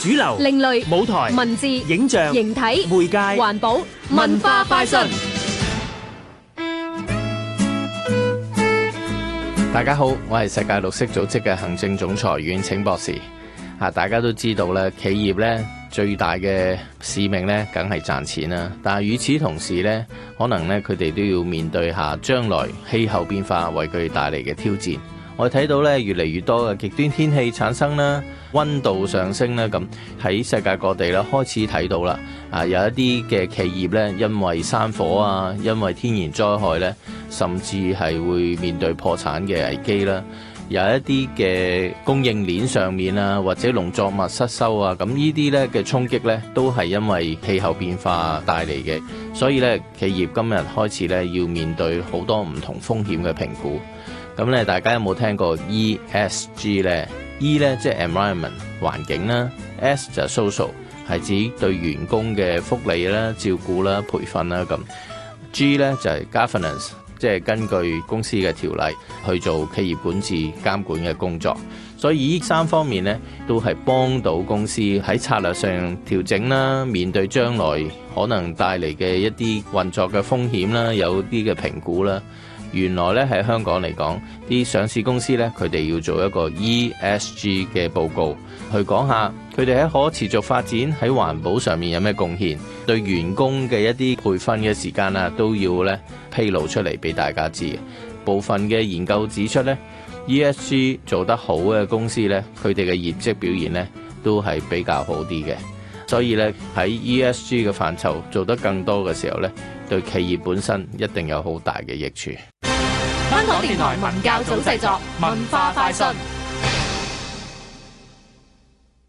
主流、另類舞台、文字、影像、形體、媒介、環保、文化快訊。大家好，我係世界綠色組織嘅行政總裁遠騁博士。啊，大家都知道咧，企業咧最大嘅使命咧，梗係賺錢啦。但係與此同時呢，可能咧，佢哋都要面對下將來氣候變化為佢帶嚟嘅挑戰。我睇到咧，越嚟越多嘅極端天氣產生啦，溫度上升啦，咁喺世界各地咧開始睇到啦。啊，有一啲嘅企業咧，因為山火啊，因為天然災害咧，甚至係會面對破產嘅危機啦。有一啲嘅供應鏈上面啊，或者農作物失收啊，咁呢啲咧嘅衝擊咧，都係因為氣候變化帶嚟嘅。所以咧，企業今日開始咧，要面對好多唔同風險嘅評估。咁咧，大家有冇聽過 ESG 呢？E 呢即係 environment 環境啦，S 就 social 係指對員工嘅福利啦、照顧啦、培訓啦咁，G 呢就係 governance，即係根據公司嘅條例去做企業管治監管嘅工作。所以呢三方面呢，都係幫到公司喺策略上調整啦，面對將來可能帶嚟嘅一啲運作嘅風險啦，有啲嘅評估啦。原來呢，喺香港嚟講，啲上市公司呢，佢哋要做一個 ESG 嘅報告，去講下佢哋喺可持續發展喺環保上面有咩貢獻，對員工嘅一啲培訓嘅時間啊，都要呢披露出嚟俾大家知。部分嘅研究指出呢，ESG 做得好嘅公司呢，佢哋嘅業績表現呢，都係比較好啲嘅。所以呢，喺 ESG 嘅範疇做得更多嘅時候呢，對企業本身一定有好大嘅益處。香港電台文教組製作，文化快訊。